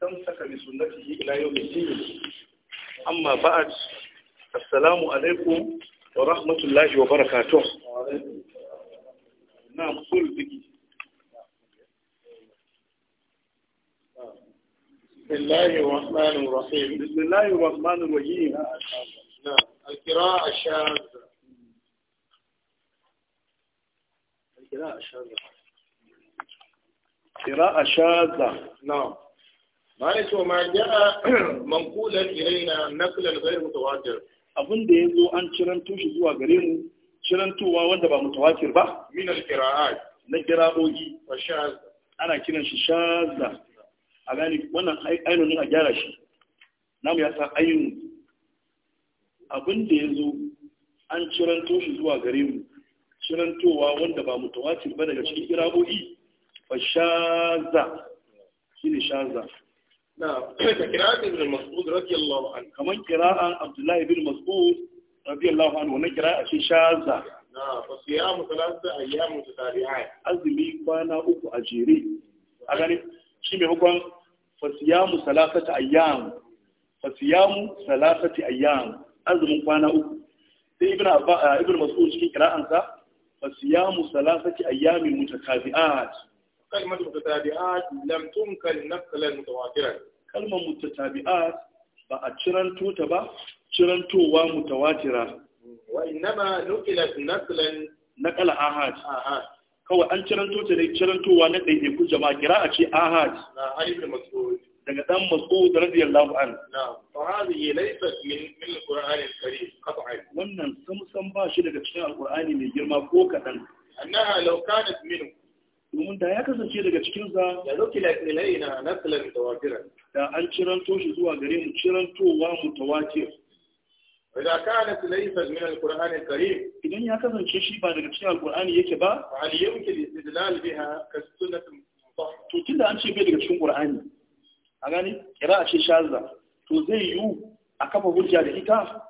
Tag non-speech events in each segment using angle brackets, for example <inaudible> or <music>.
tamsaka bi sunnatihi ila yawmi ddin amma ba'd assalamu alaikum wa rahmatullahi wa barakatuh na kul biki بسم الله الرحمن الرحيم بسم الله الرحمن الرحيم القراءة الشاذة القراءة الشاذة القراءة الشاذة نعم ma ne cewa ma ja'a manqulan ilaina naqlan ghayr mutawatir abin da yazo an ciranto shi zuwa gare mu cirantowa wanda ba mutawatir ba min al-qira'at na qira'o'i wa shaz ana kiran shi shazza a gani wannan ne a gyara shi namu ya sa ainihin abin da ya zo an ciranto shi zuwa gare mu cirantowa wanda ba mutawatir ba daga cikin kira'o'i ba shaza shi ne shaza na kira ibn mas'ud radiyallahu anhu kaman kira'an abdullahi ibn mas'ud radiyallahu anhu wannan kira'a ce shaza na kwana uku a jere a gani shi mai hukun fa siyamu thalathata ayyam fa azumin kwana uku sai ibn abba ibn mas'ud cikin kira'ansa fa siyamu kalmar mutatabi'at lam tunkal nafsalan mutawatiran kalmar mutatabi'at ba a ciranto ba cirantowa mutawatira wa innama nuqilat nafsalan naqala ahad kawai an ciranto ta ne cirantowa na ku jama'a kira a ce ahad na daga dan mas'ud radiyallahu an fa hadhihi laysat min min al-qur'an qat'an wannan samsan ba shi daga cikin alqur'ani mai girma ko kadan annaha law kanat minhu domin da ya kasance daga cikin sa. ya zauki laƙilai na nasalar mutawatiran da an ciranto shi zuwa gare mu cirantowa mu mutawatir idan ka na tilaifar min alqur'ani karim idan ya kasance shi ba daga cikin alqur'ani yake ba hal yumkin istidlal biha ka sunnatin to tunda an ce bai daga cikin qur'ani a gani a ce shazza to zai yi a kafa hujja da ita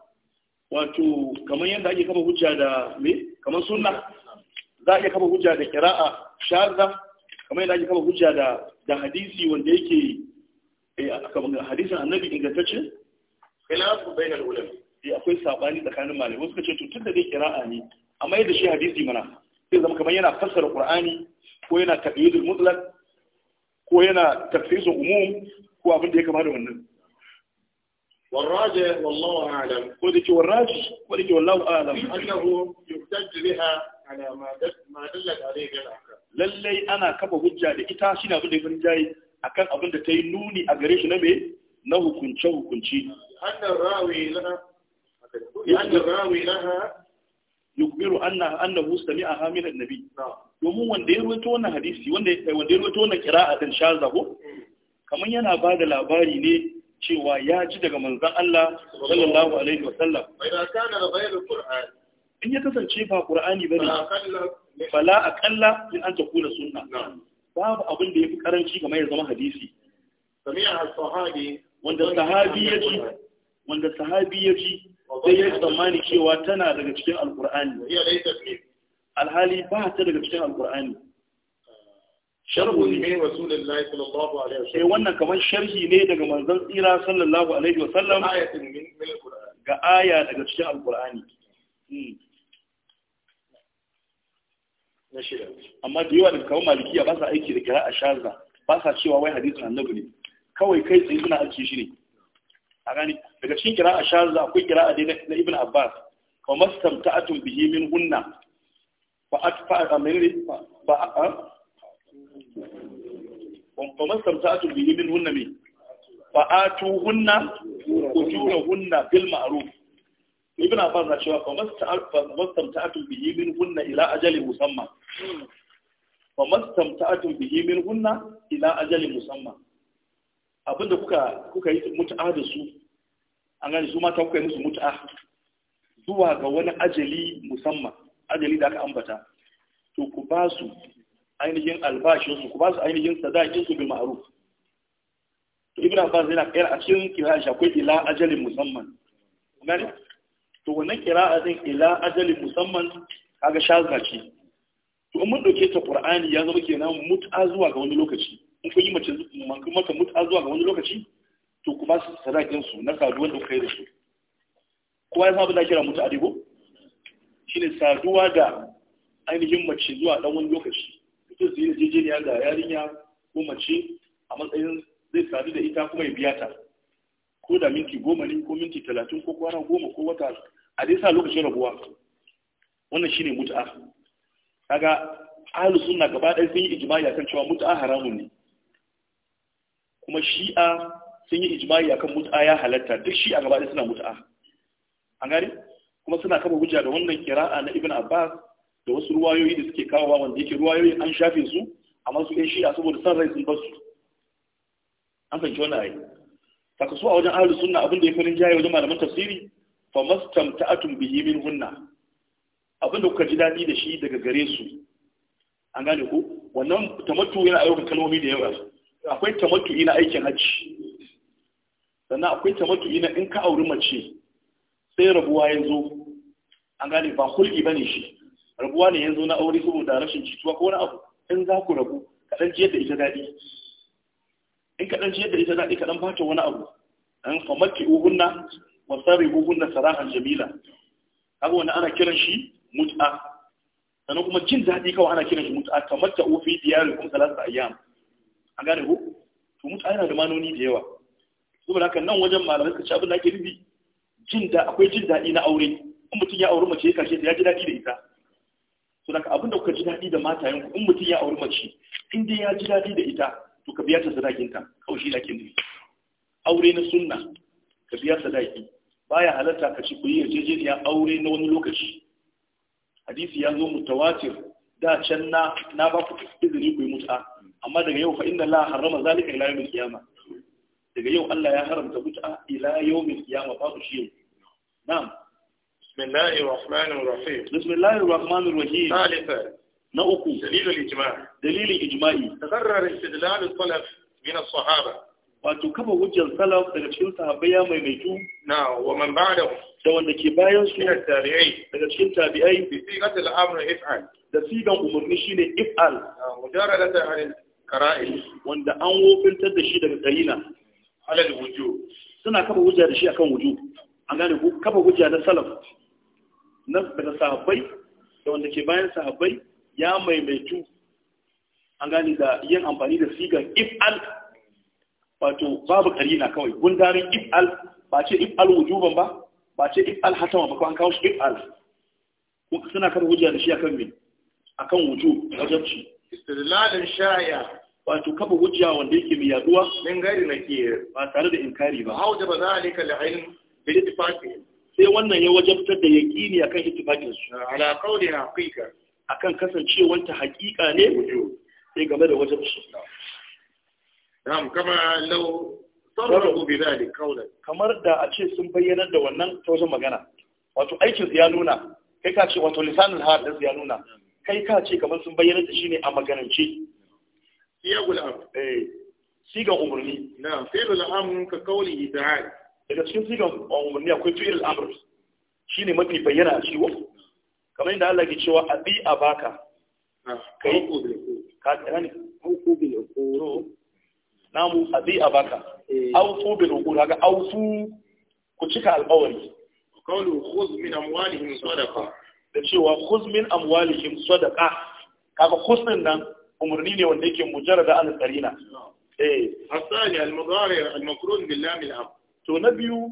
wato kamar yadda ake kafa hujja da me kamar sunna za a iya kama hujja da kira'a shaza kamar yadda ake kama hujja da da hadisi wanda yake eh, kamar hadisin annabi ingantacce khilafu bainal ulama eh akwai sabani tsakanin malamai suka ce to tun da dai kira'a ne amma yadda shi hadisi mana sai zama kamar yana fassara qur'ani ko yana taqyidul mutlaq ko yana tafsirul umum ko abin da ya kama da wannan والراجع والله أعلم قلت والراجع قلت والله أعلم أنه يحتج بها lallai ana kafa hujja da ita shi na abin da ya farin jayi akan abin da ta yi nuni a gare shi na me na hukunce hukunci yukbiru anna annahu a hamilin nabi domin wanda ya ruwaito wannan hadisi wanda ya ruwaito wannan a din shaza ko kaman yana ba da labari ne cewa ya ji daga manzan Allah sallallahu alaihi wasallam bai kana da bayanin qur'ani in ya kasance ba ba ne, bala a ƙalla min an takuna sunna babu abin da ya fi karanci kamar ya zama hadisi wanda sahabi ya ji wanda sahabi ya ji sai ya tsammani cewa tana daga cikin alƙur'ani. alhali ba ta daga cikin alƙur'ani. sharhu ne rasulullahi sallallahu alaihi wasallam eh wannan kamar sharhi ne daga manzon tsira sallallahu alaihi wasallam ayatin ga aya daga cikin alƙur'ani. Hmm. amma da yawa daga kawo malikiya ba sa aiki da kira a shaza ba sa cewa wai hadisin annabi ne kawai kai tsaye suna aiki shi ne a gani daga cikin kira a shaza akwai kira a na ibn abbas wa Ta'atun, bihi min hunna fa atfa amri ba a wa ta'atun, bihi min hunna mi fa atu hunna hunna, bil ma'ruf ibina ba na cewa fa mastamta'atun bihi min hunna ila ajali musamman fa mastamta'atun bihi min hunna ila ajali musamman abinda kuka kuka yi mut'a da su an gani su mata kuka yi musu mut'a zuwa ga wani ajali musamman ajali da aka ambata to ku ba su ainihin albashinsu ku ba su ainihin sadakinsu bi ma'ruf to ba zai yana kayar a cikin kirashi akwai ila ajali musamman gani to wannan kira'a zai ila ajali musamman kaga shazna ce to in mun dauke ta qur'ani ya zama kenan mut'a zuwa ga wani lokaci in kun yi mace kun mata mut'a zuwa ga wani lokaci to kuma su sadakin su na saduwa da kai da su kowa ya saba da kira mut'a dibo shine saduwa da ainihin mace zuwa dan wani lokaci ita su je jejeniya ga yarinya ko mace a matsayin zai sadu da ita kuma ya biya ta ko da minti goma ne ko minti talatin ko kwana goma ko wata a dai sa lokacin rabuwa wannan shine mut'a kaga ahlus sunna gaba ɗaya sun yi ijma'i akan cewa mut'a haramun ne kuma shi'a sun yi ijma'i akan mut'a ya halatta duk shi'a gaba ɗaya suna mut'a an gani kuma suna kafa hujja da wannan kira'a na ibn abbas da wasu ruwayoyi da suke kawowa wanda yake ruwayoyin an shafe su amma su ɗan shi'a saboda san rai sun basu an fahimci wannan ayi saka su a wajen ahlus sunna abin da ya farin jaye wajen malaman tafsiri fa mastamta'atum bihi hunna abinda kuka ji dadi da shi daga gare su an gane ku wannan tamattu yana ayyukan kalmomi da yawa akwai tamattu na aikin hajji sannan akwai tamattu na in ka auri mace sai rabuwa ya zo an gane ba hulki bane shi rabuwa ne yanzu na aure saboda rashin jituwa ko wani abu in za ku rabu kaɗan ji yadda ita daɗi in kaɗan ji yadda ita daɗi kaɗan bata wani abu an famatti uhunna wasari na sarahan jamila kaga wani ana kiran shi mut'a sannan kuma jin daɗi kawai ana kiran shi mut'a kamar ta ofi diyari kuma salasa yam A gane ko to mut'a yana da manoni da yawa saboda ba nan wajen malamai suka ci abin da ake rubi jin da akwai jin daɗi na aure in mutum ya auri mace ya karshe ya ji daɗi da ita to daga abin da kuka ji daɗi da mata yanku in mutum ya auri mace in dai ya ji daɗi da ita to ka biya ta sadakinta, kawai shi da nufi aure na sunna ka biya sadaki baya halatta ka ci kuyi yarjejeniya aure na wani lokaci hadisi ya zo mutawatir da can na na ba ku izini ku yi mut'a amma daga yau fa inna la harrama zalika ila yawmil qiyama daga yau Allah ya haramta mut'a ila yawmil qiyama ba ku shi yau na'am bismillahir rahmanir rahim bismillahir rahmanir rahim salisa na uku dalilul ijma' dalilul ijma'i takarrar istidlal al-salaf min as-sahaba wato kafa hujjar salaf daga cikin sahabbai ya maimaitu na wa man ba'da da wanda ke bayan su min tabi'ai daga cikin tabi'ai bi sigatil amr if'al da sigan umurni shine if'al ta anil qara'il wanda an wofintar da shi daga karina halal wujub suna kafa hujja da shi akan wujub an gane ku kafa hujja na salaf na daga sahabbai da wanda ke bayan sahabbai ya maimaitu an gane da yin amfani da sigan if'al wato babu karina kawai gundarin if'al ba ce if'al wujuban ba ba ce if'al hatama ba ko an kawo shi if'al suna kan hujja da shi akan me akan wujub wajabci istidlalin shaya wato kafa hujja wanda yake mai yaduwa min gari nake ba tare da inkari ba hauja ba zalika li ilm bi ittifaqi sai wannan ya wajabtar da yaqini akan ittifaqin su ala qawli haqiqa akan kasancewar ta haqiqa ne sai game da wajabci Na'am kama law sarrafu bi dhalik qawlan. Kamar da a ce sun bayyana da wannan ta magana. Wato aikin ya nuna kai ka ce wato lisanul hal da ya nuna kai ka ce kamar sun bayyanar da shi ne a maganance. Ya gulam. Eh. Sigan umarni. Na fi'lul amr ka qawlihi ta'ala. Daga cikin sigan umarni akwai fi'lul amr. Shine mafi bayyana a ciwo. Kamar inda Allah ke cewa abi abaka. Ah, kai ko bil ko. Ka gane? Ko bil ko. namu abi abaka eh. aufu bi rukun haka aufu ku cika alƙawari qawlu khudh min amwalihim sadaqa da cewa khudh min amwalihim sadaqa kaga khudh nan umurni ne wanda yake mujarrada an tsarina eh asali al mudari al makrun bil lam al to na biyu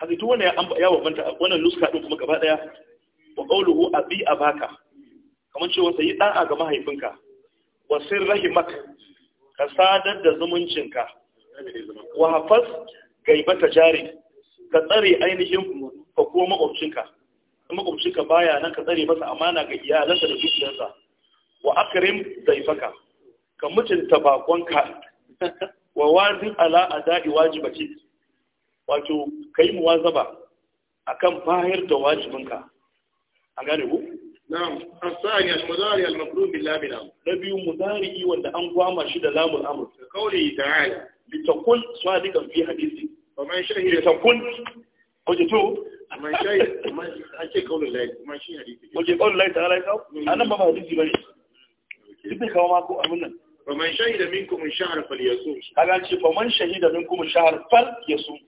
kaga to wannan ya wabanta wannan luska din kuma gaba daya wa qawluhu abi abaka kamar cewa sai dan a ga mahaifinka wa sirrahimaka ka sadar da zumuncinka wa hafas ta jari ka tsare ainihin ka ko makwabcinka makwabcinka baya nan ka tsare masa amana ga iyalansa da dukiyarsa wa akrim zaifaka ka mutunta bakonka wa wazin ala adai wajibati wato kai muwazaba akan bayar da wajibinka a gane ku na'am asani al-mudari al-mafrud bil lam al biyu mudari wanda an gwama shi da lamul amr ka kauli ta'ala litakun sadiqan fi hadisi wa man shahida litakun wajatu man shahida man ake kaulin lai man shi hadisi waje kaulin lai ta'ala ka mm. anan ba hadisi bane duk da kawo ma ko abin nan فمن شهد منكم الشهر فليصوم kaga ce faman shahida minkum ash-shahr fal yasum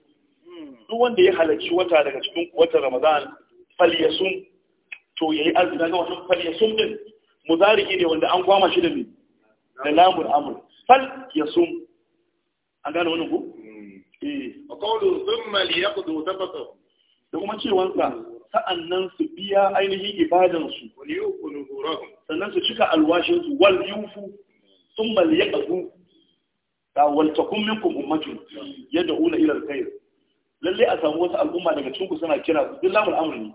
duk wanda ya halarci wata daga cikin watan Ramadan fal yasum to ya yi azumi ga wannan fal ya sum din muzariki ne wanda an kwama shi da ne da lamun amur fal ya sum an gane wannan ku eh wa qawlu thumma liyaqdu tabattu da kuma cewa sa'annan su biya ainihin ibadansu sannan su cika alwashinsu wal yufu sun bal ya ƙazu da waltakun minkum ummatun yadda da'una ila alkhair lalle a samu wasu al'umma daga cikin ku suna kira su duk lamun amri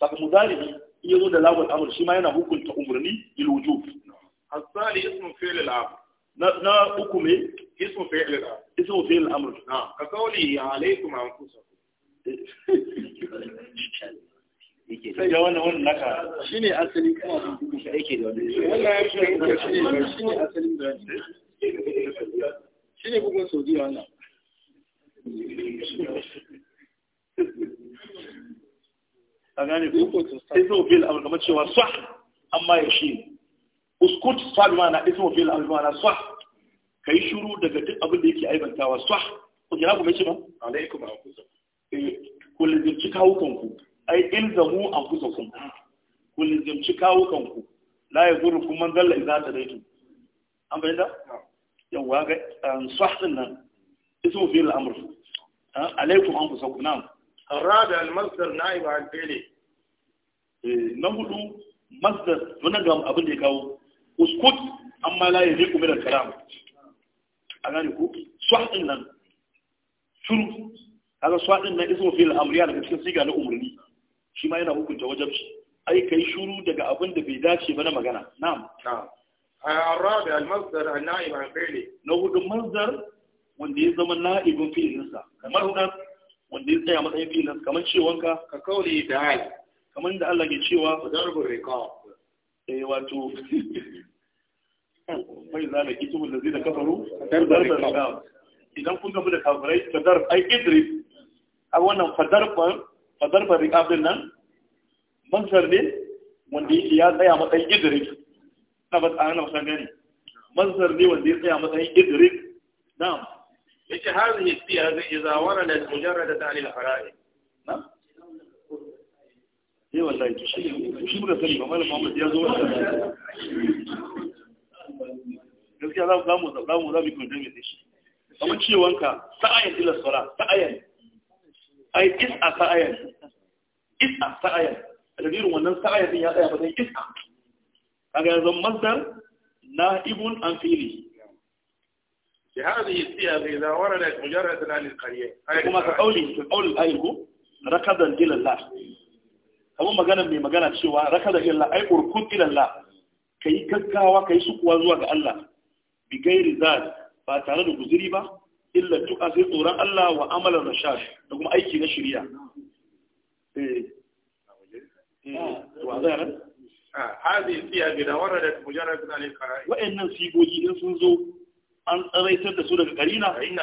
saka muzalibi in da الامر شي ما yana hukunta umarni bil اسم asali ismu fi'l al na اسم hukume ismu اسم فعل الامر نعم al عليكم انفسكم sai ga wannan wannan naka shine asali kuma shi yake da wannan da shine bugun saudiya wannan Ka gane ku ismu fil amr kamar cewa sah amma ya shi uskut sal mana ismu fil amr mana sah kai shiru daga duk abin da yake aibantawa sah ku kira ku mace ba alaikum akusa eh ku lizimci kawukan ku ai ilzamu anfusakum ku ci kawukan ku la yazurukum man dalla ta tadaitu an bayyana yawa ga um, sah din nan ismu fil amr alaikum anfusakum na'am الرابع المصدر نائب عن فعله نقول مصدر ونقام أبن يكاو اسكت أما لا يليق من الكلام أنا نقول صح إنن شنو هذا صح إنن اسمه في الأمريان في na لأمرني shi ma yana hukunta wajabci ai kai shuru daga abin da bai dace ba na magana na'am na'am arabi al-masdar an-na'ib na hudu masdar wanda ya zama na'ibin fi'linsa kamar hudan wanda ya tsaya matsayin filin kamar cewanka ka kawai da hal kamar da Allah ke cewa darbul riqab eh wato mai zalika kitabul ladina kafaru darbul riqab idan kun gabu da kafirai ka darb ai idris a wannan fadarbar fadarbar riqab nan mansar ne wanda yake ya tsaya matsayin idris na ba tsana na gani mansar ne wanda ya tsaya matsayin idris na'am yace hadhihi siyar idza warada mujarradatan anil fara'id na eh wallahi to shi shi muka sani ba malam Muhammad ya zo wannan gaskiya za za mu za mu za mu kuma dinga shi amma cewanka sa'ayan ila sala sa'ayan ai is'a sa'ayan is'a sa'ayan aladirin wannan sa'ayan din ya tsaya ba dai is'a kaga yanzu masdar na'ibun an fili بهذه الصيغ إذا وردت مجرد عن القرية كما كقولي في قول الآية ركضا إلى الله kamar magana mai magana cewa raka da illa ai urkun ilallah kai gaggawa kai sukuwa zuwa ga Allah bi gairi ba tare da guzuri ba illa tuka sai tsoron Allah wa amalan rashad da kuma aiki na shari'a eh wa zai ran ah da waradat mujarrad al sun zo an tsaraitar da su daga karina na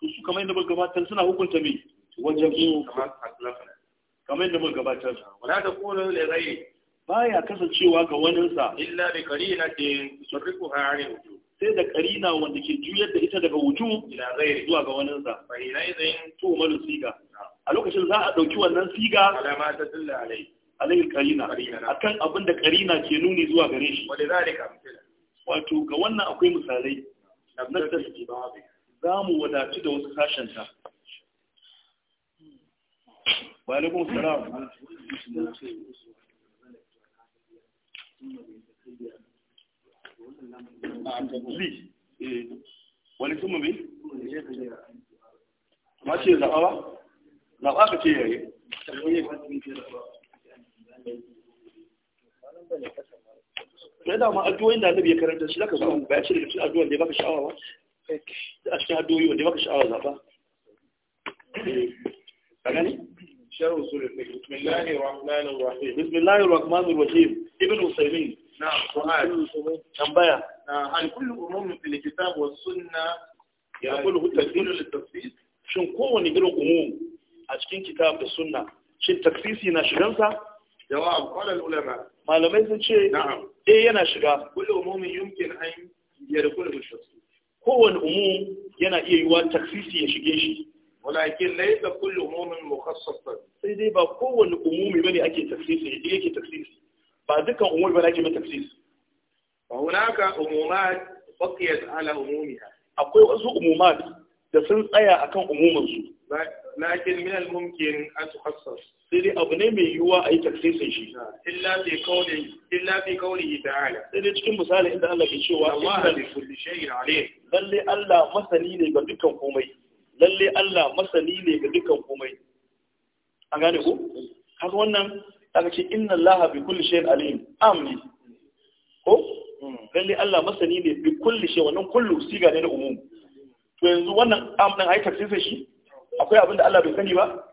to su kamar yadda gabatar suna hukunta me wajen yin kamar yadda gabatar wala da kullu li baya kasancewa ga waninsa illa bi sai da karina wanda ke juyar da ita daga wuju ila ghairi zuwa ga wani sa fa ila idan to malu siga a lokacin za a dauki wannan siga alama ta dalla alai alai karina akan abin da karina ke nuni zuwa gare shi zalika wato ga wannan akwai misalai za mu wadatu da wasu sashenta wa alaikum wani kuma mai? ma ce zaɓawa? zaɓa ka ce sai da ma addu'o'in da annabi ya karanta shi zaka zo ba ya ce daga cikin addu'o'in da ya baka sha'awa ba a cikin addu'o'i wanda ya baka sha'awa zaba ka gani شر وصول الفكر بسم الله الرحمن الرحيم بسم الله الرحمن الرحيم ابن عثيمين نعم سؤال تنبيه هل كل أمم في الكتاب والسنة يقوله التكفير للتخصيص shin kowane irin umum a cikin kitab da sunna shin taksisi na shigansa jawab malamai sun ce eh yana shiga kullu umumin yumkin an yadkhulu bi shakhsi Kowanne umum yana iya yiwa taksisi ya shige shi walakin laysa kullu umumin mukhassasan sai dai ba kowanne umumi bane ake taksisi eh, yake taksisi ba dukkan umumi bane ake mai taksisi fa hunaka umumat baqiyat ala umumiha akwai wasu umumat da sun tsaya akan umumansu lakin min al-mumkin an tukhassas sai dai abu ne mai yiwuwa a yi tafsirin shi illa bi qawli illa bi qawli ta'ala sai dai cikin misali inda Allah ke cewa Allah bi kulli shay'in alim lalle Allah masani ne ga dukkan komai lalle Allah masani ne ga dukkan komai an gane ku har wannan aka ce inna Allah bi kulli shay'in alim amni ko hmm. lalle Allah masani ne bi kulli shay wannan kullu siga ne na umum to yanzu wannan am din ai tafsirin shi akwai abin da Allah bai sani ba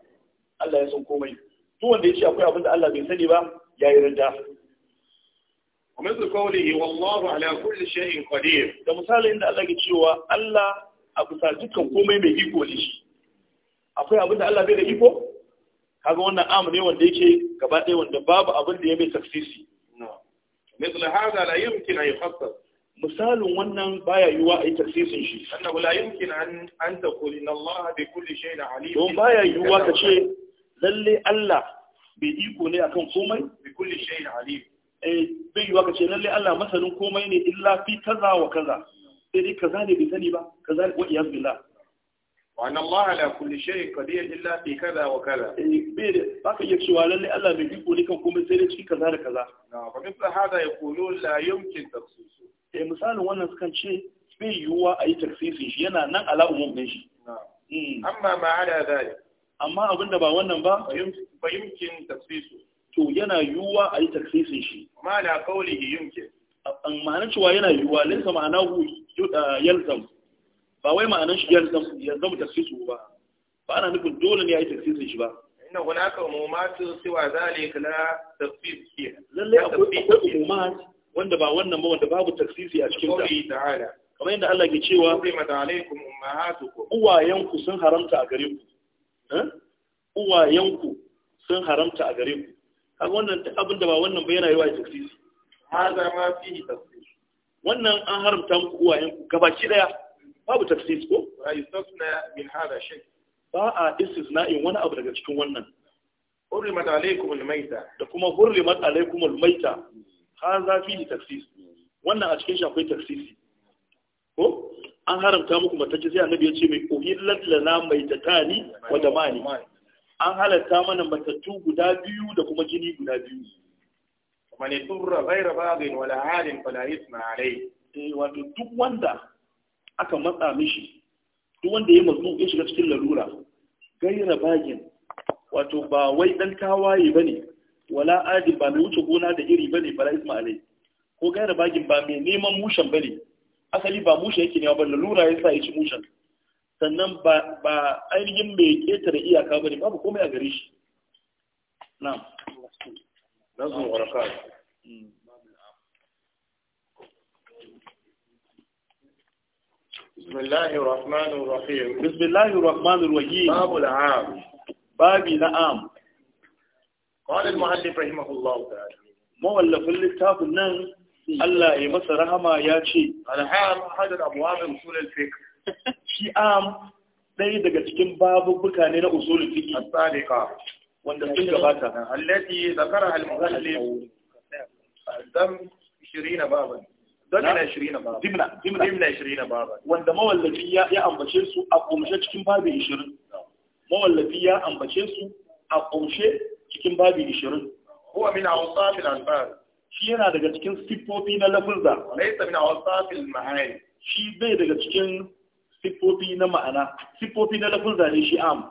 Allah ya san komai duk wanda ya ce akwai abin da Allah bai sani ba ya yi rinda ومثل yi, wallahu ala kulli shay'in qadir. da misali inda Allah ke cewa Allah a bisa dukkan komai mai iko ne shi akwai abin da Allah bai da iko kaga wannan amu ne wanda yake gaba ɗaya wanda babu abin da ya mai taksisi مثل هذا la yumkin أن يخصص misalin wannan baya yiwa a yi tafsirin shi annahu la yumkin an an taqul inna Allah kulle kulli shay'in alim don baya yiwa ka ce lalle Allah bai iko ne akan komai kulle kulli shay'in alim eh bai yiwa ka ce lalle Allah masanin komai ne illa fi kaza wa kaza sai dai kaza ne bai sani ba kaza ne wa iyaz billah wa anna Allah ala kulle shay'in kadiyar illa fi kaza wa kaza eh bai da, ba ka iya cewa lalle Allah bai iko ne kan komai sai dai cikin kaza da kaza na fa mithla hada yaqulu la yumkin tafsiru eh misalin wannan sukan ce bai yiwuwa a yi taksisin shi yana nan ala umum din shi hmm. amma ma ada zai amma abinda ba wannan ba fahimcin taksisu to yana yiwuwa a yi taksisin shi ma na kaulihi yumkin ma'ana cewa yana yiwuwa lisa ma'ana hu yalzam ba wai ma'anan shi yalzam yalzam taksisu ba ba ana nufin dole ne a yi taksisin shi ba inna hunaka umumatu siwa zalika la tafsir lalle akwai umumat wanda ba wannan ba wanda babu taksisi a cikin ta kamar yadda Allah ke cewa uwayenku sun haramta a gare ku eh? uwayenku sun haramta a gare ku kaga wannan abin da ba wannan ba yana yi wa taksisi hada ma fi tafsir wannan an haramta muku uwayenku gabaci daya babu tafsir ko yustasna min hada shay ba a in wani abu daga cikin wannan hurrimat alaykum almayta da kuma hurrimat alaykum almayta haza fi tafsir wannan a cikin shi akwai tafsiri ko an haramta muku matacce sai annabi ya ce mai uhillat lana maitatani wa damani an halatta mana matattu guda biyu da kuma jini guda biyu man turra ghayra baghin wala halin fala isma alai eh wato duk wanda aka matsa mishi duk wanda ya mazmu ya shiga cikin larura ghayra baghin wato ba wai dan tawaye bane wala adi ba mai wuce gona da iri bane bala isma alai ko gaira bagin ba mai neman mushen bane asali ba mushe yake newa ba lura ya sa ya ci mushen sannan ba ainihin mai ketare iyaka bane babu komai a gare shi Na nazar waraka بسم الله الرحمن الرحيم بسم الله الرحمن الرحيم باب العام باب العام قال المؤلف رحمه الله تعالى مؤلف الكتاب نن Allah ya masa rahma ya ce, Alham hadar abuwamin usulul fiqh. Shi ɗaya daga cikin babubuka ne na usulul fiqh. As-sadiqa. Wanda sun gabata. Allati zakara al-muallif dam 20 baban. baban. Dimna, 20 baban. Wanda mawallafi ya ambace su a kumshe cikin babu 20. Mawallafi ya ambace su a kumshe cikin babi 20 huwa min awsafil alfaz shi yana daga cikin sifofi na lafuzza laysa min awsafil ma'ani shi bai daga cikin sifofi na ma'ana Sifofi na lafuzza ne shi am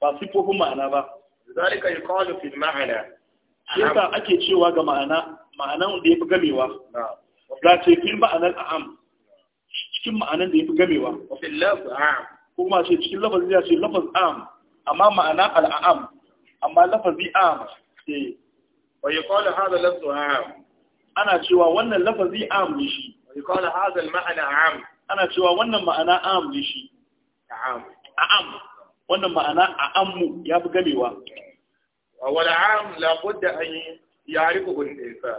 ba sifofin ma'ana ba zalika yuqalu fil ma'ana yasa ake cewa ga ma'ana ma'anan da yafi gamewa ga ce fil al am cikin ma'anan da yafi gamewa fil lafz am kuma ce cikin lafazin ya ce lafaz am amma ma'ana al-am amma lafazi am ce eh, wa yuqalu hadha lafazi am ana cewa wannan lafazi am ne shi wa yuqalu hadha al ma'ana am ana cewa wannan ma'ana am ne shi am am wannan ma'ana a ammu ya fi gamewa wani am la budda an ya'rifu ya sa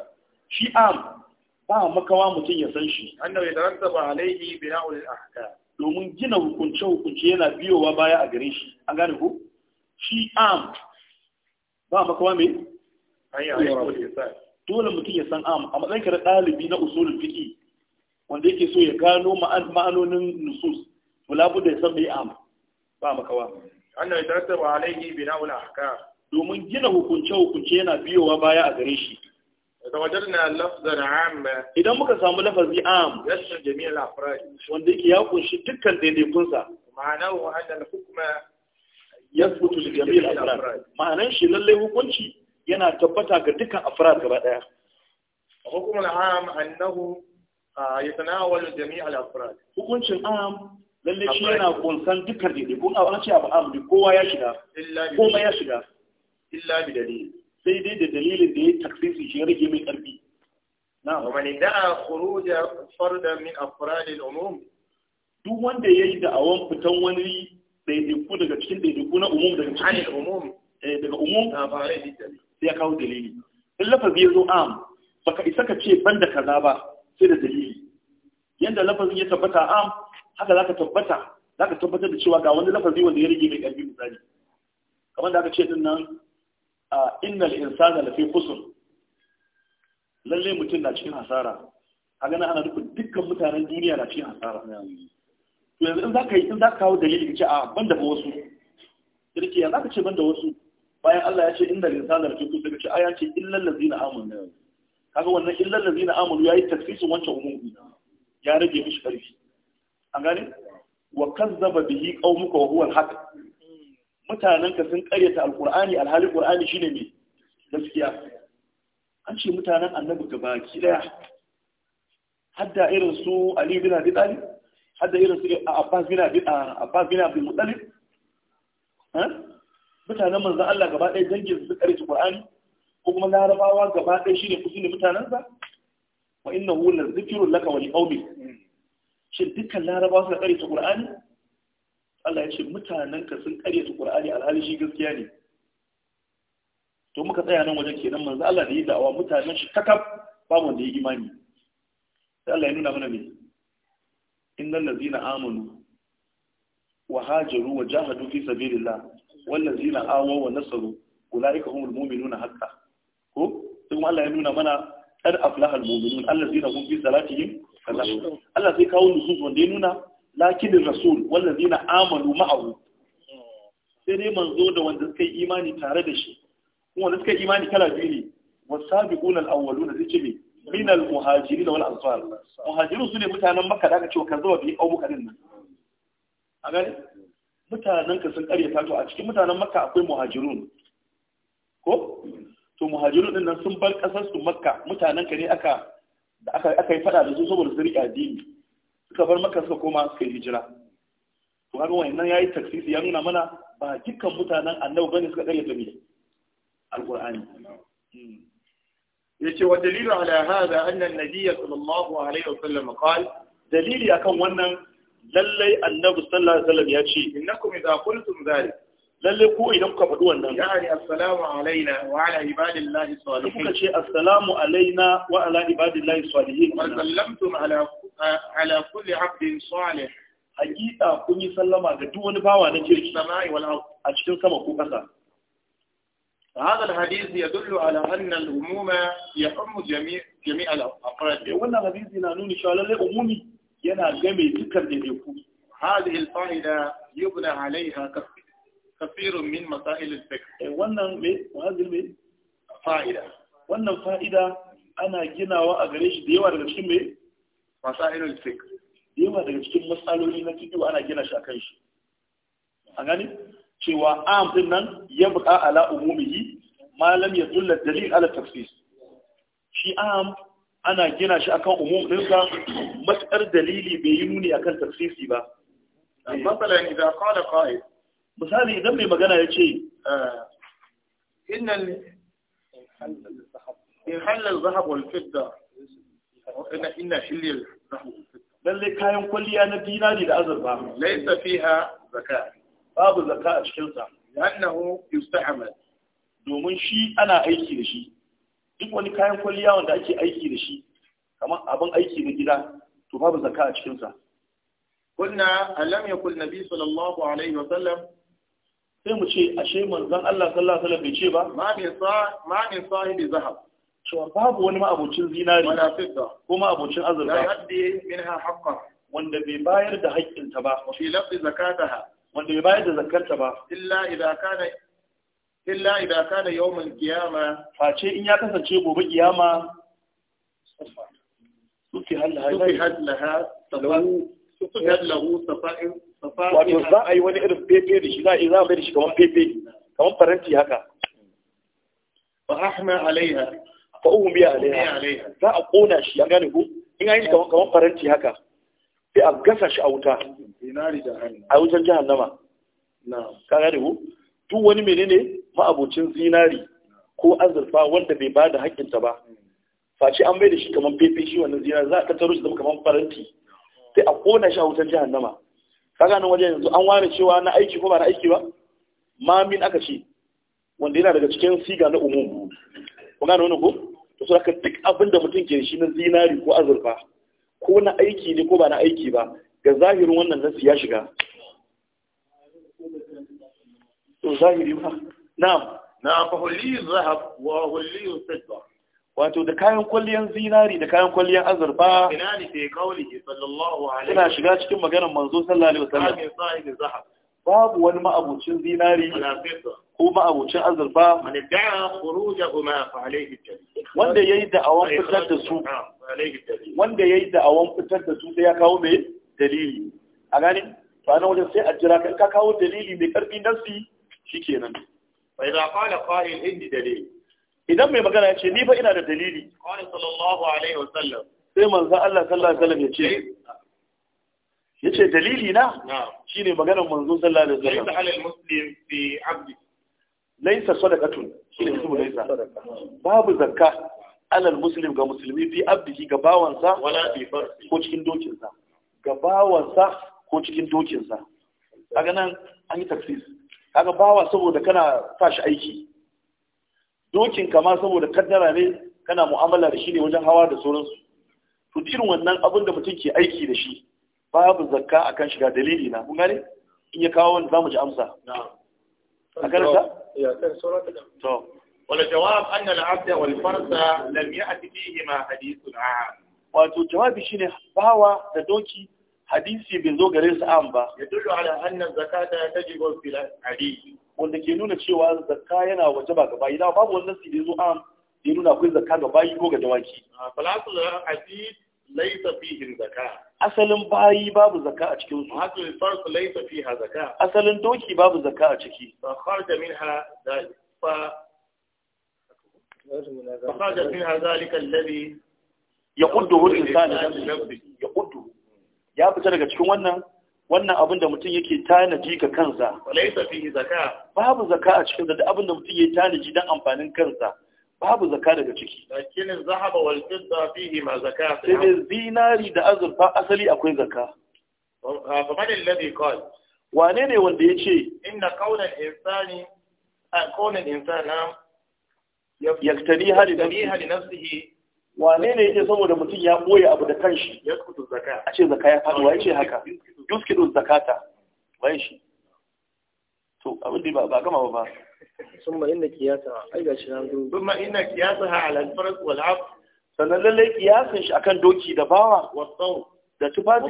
shi am ba makawa mutum ya san shi annabi da ba alaihi bina'ul ahka domin gina hukunce hukunce yana biyowa baya a gare shi an gane ko shi am ba makawa me dole mutum ya san am a matsayin kira ɗalibi na usulun fiƙi wanda yake so ya gano ma'anonin nusus wala da ya san mai am ba makawa annan ya wa alaihi bina'ul ahkam domin gina hukunce hukunce yana biyowa baya a gare shi tawajadna lafzan amma idan muka samu lafazi am yasir jami'al afrad wanda yake ya kunshi dukkan daidaikunsa ma'anahu anna al-hukma yasbutu li jami'il afrad ma'anan shi lalle hukunci yana tabbata ga dukkan afrad gaba daya hukumul am annahu yatanawalu jami'al afrad hukuncin am lallai shi yana kunsan dukkan dai ko an ce abu am kowa ya shiga kowa ya shiga illa bi dalil sai dai da dalilin da ya taksisi shi rage mai karfi na'am wa man da'a khuruja farda min afrad al-umum duk wanda ya yi da da'awan fitan wani ɗaiɗaiku daga cikin ɗaiɗaiku na umum daga cikin umum eh, daga umum ah, sai ya kawo dalili in lafazi ya zo am baka isa ka ce ban da kaza ba sai da dalili yanda lafazin ya tabbata am haka zaka tabbata zaka tabbatar da cewa ga wani lafazi wanda ya rage mai ƙarfi misali kamar da aka ce din nan innal insana lafi khusr lalle mutum na cikin hasara a ganin ana nufin dukkan mutanen duniya na cikin hasara yanzu in za ka yi in za ka kawo dalili ce a ah, ban da wasu kirki ya za ka ce ban da wasu bayan Allah ya ce inda linsana da cikin daga ce a ya ce illal lazina amanu kaga wannan illal lazina amanu yayi tafsirin wancan umumi ya rage mishi karfi an gane wa kazzaba bihi qaumuka wa huwa al-haq mutananka sun karyata alqur'ani alhali qur'ani shine me gaskiya an ce mutanen annabi gaba ki daya hadda irin su ali bin abi talib Hadda irin su Abbas bin Abi ah, Abbas bin Abi Muttalib eh? mutanen manzon Allah gaba ɗaya dangin su karanta Qur'ani ko kuma Larabawa gaba ɗaya shine kusur mutanen sa wa innahu la zikrun laka wa liqaumik shin dukkan Larabawa suka karanta Qur'ani Allah ya ce mutanenka sun karanta Qur'ani alhali shi gaskiya ne to muka tsaya nan wajen kenan manzo Allah da yi da'awa mutanen shi kakab babu wanda ya imani sai Allah ya nuna mana ne innal ladzina amanu wa hajaru wa jahadu fi sabilillah wal ladzina awaw wa nasaru ulaika humul mu'minuna haqqan ko sai kuma Allah ya nuna mana qad aflaha al mu'minun allazina hum fi salatihim kaza Allah sai kawo nusus wanda ya nuna lakin rasul wal ladzina amanu ma'ahu sai dai manzo da wanda suka yi imani tare da shi kuma wanda suka yi imani kala biyu ne wasabiquna al awwaluna zai ce me min al-muhajirin wal ansar muhajirun sune mutanen makka da aka ce kan zuwa bi kaumuka din nan a gani mutanen ka sun karyata to a cikin mutanen makka akwai muhajirun ko to muhajirun din nan sun bar kasar su makka mutanen ka ne aka aka aka yi fada da su saboda sun riƙe addini suka bar makka suka koma suka yi hijira to kaga wannan yayi taksisi ya nuna mana ba dukkan mutanen annabi bane suka karyata ne alqur'ani hmm. yace wa dalilu ala hada anna an-nabiy sallallahu alaihi wasallam qala dalili akan wannan lallai annabi sallallahu alaihi wasallam ya ce innakum idza qultum zalik Lallai ko idan kuka faɗi wannan yani assalamu alaina wa ala ibadillahi salihin kuka ce assalamu alaina wa ala ibadillahi salihin wa sallamtum ala ala kulli abdin salih hakika kun yi sallama ga duk wani bawa na kirki sama'i wal a cikin sama ko ƙasa فهذا الحديث يدل على أن الأموم يحم جميع جميع الأفراد وانا حديث ينانون إن شاء الله لأمومي ينا جميع ذكر لديكم هذه الفائدة يبنى عليها كثير من مسائل الفكر وانا هذه الفائدة وانا الفائدة أنا جنا وأغريش ديوة لكشم مسائل الفكر ديوة لكشم مسألة لكشم وأنا جنا شاكيش أغاني؟ cewa am din nan ya buƙa ala umumihi ma lam yadul dalil ala tafsir shi am ana gina shi akan umum dinsa matsar dalili bai yi nuni akan tafsiri ba masalan idan qala qa'id misali idan mai magana ya ce innal in halal zahab wal fidda ina inna hilal zahab wal fidda lalle kayan kwalliya na dinari da azurfa laysa fiha zakat babu zakka a cikinsa annahu yustahmal domin shi ana aiki da shi duk wani kayan kwalliya wanda ake aiki da shi kamar abin aiki na gida to babu zakka a cikinsa kunna alam yakul nabi sallallahu alaihi wa sallam sai mu ce ashe manzon Allah sallallahu alaihi wa sallam bai ce ba ma min sa ma min sahibi zahab cewa babu wani ma'abocin zinari ko ma'abocin azurfa wanda bai bayar da haƙƙinta ba fi lafi zakataha wanda bai bayar da zakarta ba illa idan kana illa idan kana yawmul qiyama face in ya kasance gobe kiyama sufi hallaha sufi hallaha safa'in wato za a yi wani irin fefe da shi za a yi za a mai da shi kamar fefe kamar faranti haka fa ahma alaiha fa uhmiya alaiha za a kona shi an gane ko in a yi kamar faranti haka sai a gasa shi a wuta a wutan jahannama ka gane ku duk wani menene ma'abocin zinari ko azurfa wanda bai bada ta ba face an bai da shi kamar fefe shi wannan zinari za a tattaro shi zama kamar faranti sai a kona shi a wutan jahannama ka gane wajen yanzu an ware cewa na aiki ko ba na aiki ba mamin aka ce wanda yana daga cikin siga na umum ku gane wani ko to sai duk abin da mutum ke shi na zinari ko azurfa ko na aiki ne ko ba na aiki ba ga zahirin wannan nasi ya shiga zahiri ba na'am na fahuli zahab wa huli fitba wato da kayan kwalliyan zinari da kayan kwalliyan azurfa ina ne fi ne, sallallahu alaihi wasallam ina shiga cikin maganar manzo sallallahu alaihi wasallam babu wani ma'abucin zinari ko ma'abucin azurfa wanda ya yi da'awan fitar da su ah, wanda ya yi da'awan fitar da su sai ya kawo mai dalili a gani ba na wajen sai a jira kan ka kawo dalili mai karfi nasi shi kenan bai idan mai magana ya ce ni fa ina da dalili sai manzan Allah sallallahu alaihi wasallam ya ce yace dalili na shine maganar manzon sallallahu alaihi wasallam Laisa alal muslim fi abdi laysa sadaqatun shine ismu laysa babu zakka alal muslim ga musulmi fi abdi ga bawansa wala fi farsi ko cikin dokinsa ga bawansa ko cikin dokinsa kaga nan an yi taksis kaga bawa saboda kana sa shi aiki dokin kama saboda kaddara ne kana mu'amala da shi ne wajen hawa da sauransu to irin wannan abin da mutum ke aiki da shi babu zakka akan shiga dalili na kun gane in ya kawo wani zamu ji amsa a karanta to wala jawab anna al-abd wal farsa lam ya'ti fihi ma hadithun am wato jawabi shine bawa da doki hadisi bai zo gare su an ba ya dullu ala anna zakata tajibu fil hadith wanda ke nuna cewa zakka yana wajaba gaba ina babu wannan sai zo an ya nuna akwai zakka gaba yi ko ga dawaki falasul hadith laisa fihim zaka asalin bayi babu zaka a cikin su su farq laisa fiha zaka asalin doki babu zaka a ciki fa kharaja minha fa kharaja minha zalika alladhi yaqudduhu al-insan yaquddu ya fita daga cikin wannan wannan abin da mutum yake tanaji ga kansa laisa fihi zaka babu zaka a cikin da abin da mutum yake tanaji dan amfanin kansa babu zaka daga ciki lakinin zahaba wal fidda fihi ma zakat sai zinari da azurfa asali akwai zaka fa man alladhi qala wane ne wanda yace inna qawlan insani qawlan insana yaktani hali nafsihi wane ne yake saboda mutum ya boye abu da kanshi yaskutu zaka a ce zaka ya faɗi waye ce haka yuskidu zakata waye shi to abin da ba gama ba ثم إن قياسها أي شيء ثم إن قياسها على الفرس والعبد sannan lallai kiyasin shi akan doki da bawa da tufafi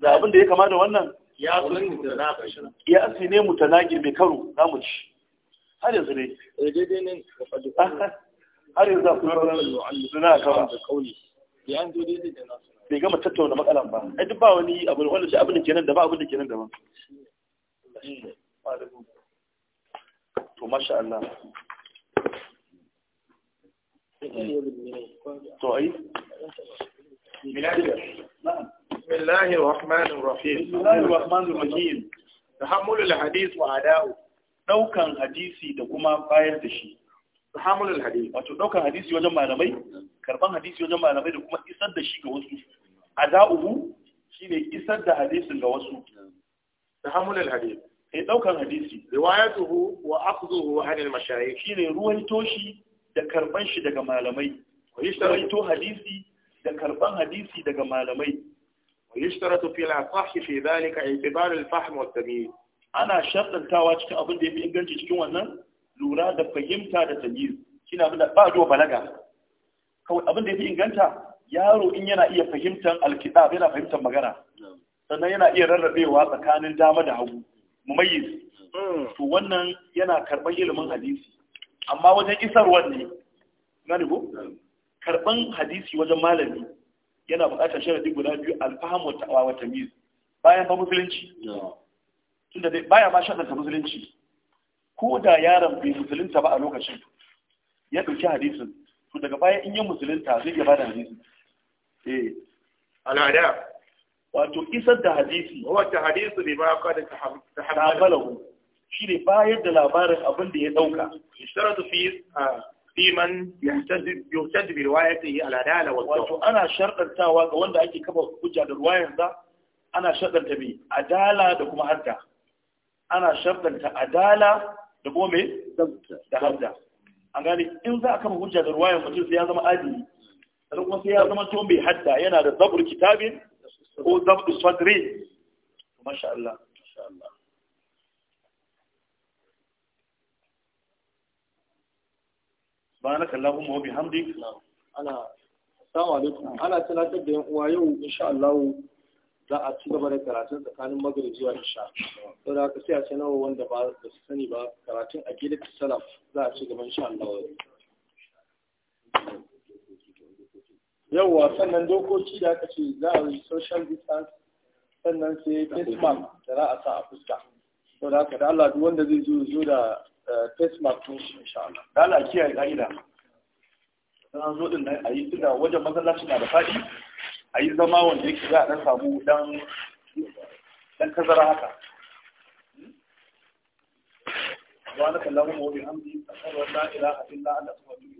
da abin da ya kama da wannan kiyasi ne mutanagir mai karo na mu ci har yanzu ne eh, <laughs> har yanzu akwai sauran suna kama bai gama tattauna matsalan ba ai duk ba wani abu wanda shi abin da kenan da ba abin da kenan da ba to masha Allah to ai bismillahir rahmanir rahim bismillahir rahmanir rahim tahammulul hadith wa ada'u daukan hadisi da kuma bayar da shi tahammulul hadith wato daukan hadisi wajen malamai karban hadisi wajen malamai da kuma isar da shi ga wasu ada'u shine isar da hadisin ga wasu tahammulul hadisi ya eh, daukan hadisi riwayatuhu wa akhdhuhu an al-mashayikh shine ruwan toshi da karban shi daga malamai wa yashtaratu hadisi da karban hadisi daga malamai wa yishtaratu fil asah fi dhalika i'tibar al-fahm wa tamyiz ana shartantawa cikin abin da yafi inganci cikin wannan lura da fahimta da tamyiz shine abin da ba do balaga kawai abin da yafi inganta yaro in yana iya fahimtar alkitab yana fahimtar magana sannan yana iya rarrabewa tsakanin dama da hagu mumayyiz hmm. to wannan yana karban ilimin hadisi amma wajen isarwar ne gani ko hmm. karban hadisi wajen malami yana buƙatar sharadi guda biyu alfaham wa tamiz bayan ba musulunci tunda dai baya ma musulunci ko da yaron bai musulunta ba a lokacin ya ɗauki hadisin to daga bayan in yi musulunta zai gaba da hadisin eh al'ada wato isar da hadisi wata hadisi ne ba ka da tahammalahu ne bayar da labarin abin da ya dauka isharatu fi fi man yahtadi yahtadi bi riwayatihi ala dala wa wato ana shartantawa ga wanda ake kafa hujja da riwayar sa ana shartanta bi adala da kuma hadda ana shartanta adala da kuma me da hadda an gane in za a kafa hujja da riwayar mutum sai ya zama adili sannan kuma sai ya zama to hadda yana da zabur kitabin ko صدري ما masha Allah masha Allah الله allahumma wa وبحمدك ana السلام عليكم ana tunatar da yan uwa yau شاء الله za a ci gaba da karatun tsakanin magrib zuwa isha to da ka sai a ce nawa wanda ba su sani ba karatun aqidat salaf za a ci gaba insha yawwa sannan dokoki da aka ce za a yi social distance sannan sai face mask da za a sa a fuska to da haka da Allah duk wanda zai zo zo da eh, face mask din shi insha Allah da Allah kiyaye ka'ida sannan zo din nan a yi tunda wajen masallaci na da fadi a yi zama wanda yake za a dan samu dan dan kazara haka سبحانك اللهم وبحمدك أشهد أن لا إله إلا أنت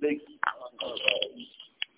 أستغفرك